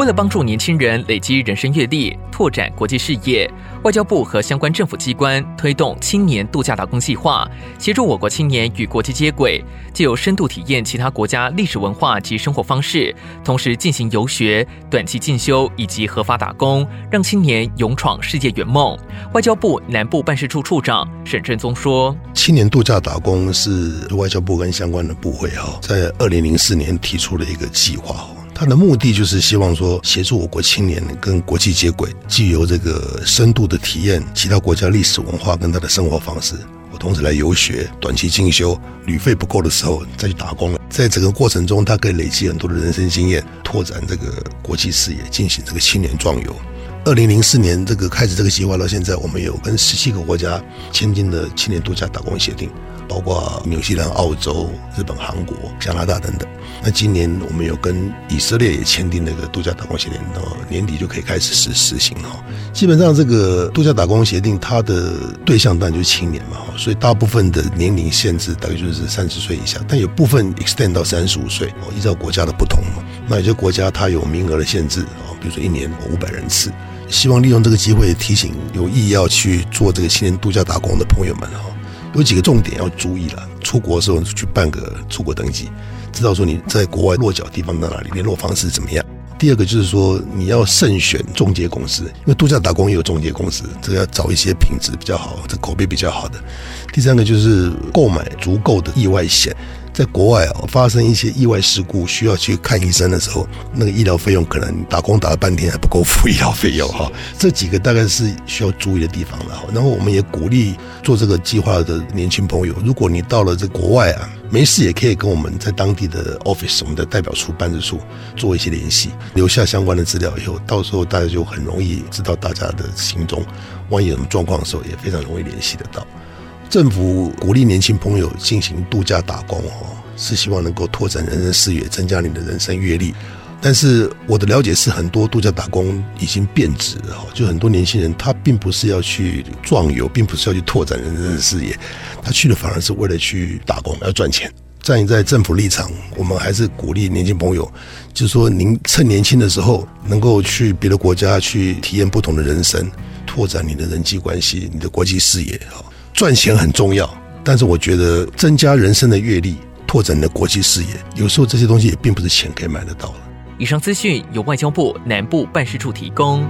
為了幫助年輕人累積人生閱歷、拓展國際視野，外交部和相關政府機關推動青年度假打工計劃，協助我國青年與國際接軌，藉由深度體驗其他國家歷史文化及生活方式，同時進行遊學、短期進修以及合法打工，讓青年勇闖世界、圓夢。外交部南部辦事處處長沈正宗說：“青年度假打工是外交部跟相關的部會哈，在二零零四年提出的一個計劃。”他的目的就是希望說，協助我國青年跟國際接軌，既有這個深度的體驗其他國家歷史文化跟他的生活方式，我同時來遊學、短期進修，旅費不夠的時候再去打工了。在整個過程中，他可以累積很多的人生經驗，拓展這個國際視野，進行這個青年壯遊。二零零四年這個開始這個計劃到現在，我們有跟十七個國家簽訂了青年度假打工協定。包括紐西蘭、澳洲、日本、韓國、加拿大等等。那今年我們有跟以色列也簽訂那個度假打工協定，年底就可以開始實實行了。基本上這個度假打工協定，它的對象當然就是青年嘛，所以大部分的年齡限制大概就是三十歲以下，但有部分 extend 到三十五歲哦，依照國家的不同嘛。那有些國家它有名額的限制，比如說一年五百人次。希望利用這個機會提醒有意要去做這個青年度假打工的朋友們啊。有幾個重點要注意了。出國的時候去辦個出國登記，知道說你在國外落腳地方在哪裡，聯絡方式怎麼樣。第二個就是說你要慎選中介公司，因為度假打工也有中介公司，這個要找一些品質比較好、這個、口碑比較好的。第三個就是購買足夠的意外險。在國外啊，發生一些意外事故需要去看醫生的時候，那個醫療費用可能打工打了半天還不夠付醫療費用哈。這幾個大概是需要注意的地方了。然後我們也鼓勵做這個計劃的年輕朋友，如果你到了這國外啊，沒事也可以跟我們在當地的 office，我們的代表處、辦事處做一些聯繫，留下相關的資料以後，到時候大家就很容易知道大家的行蹤，萬一有什麼狀況的時候，也非常容易聯繫得到。政府鼓勵年輕朋友進行度假打工哦，是希望能夠拓展人生視野，增加你的人生閱歷。但是我的了解是，很多度假打工已經變質了，就很多年輕人，他並不是要去壯遊，並不是要去拓展人生的視野，他去了反而是為了去打工，要賺錢。站在政府立場，我們還是鼓勵年輕朋友，就是說您趁年輕的時候，能夠去別的國家去體驗不同的人生，拓展你的人際關係，你的國際視野。賺錢很重要，但是我覺得增加人生的閱歷、拓展你的國際視野，有時候這些東西也並不是錢可以買得到的。以上資訊由外交部南部辦事處提供。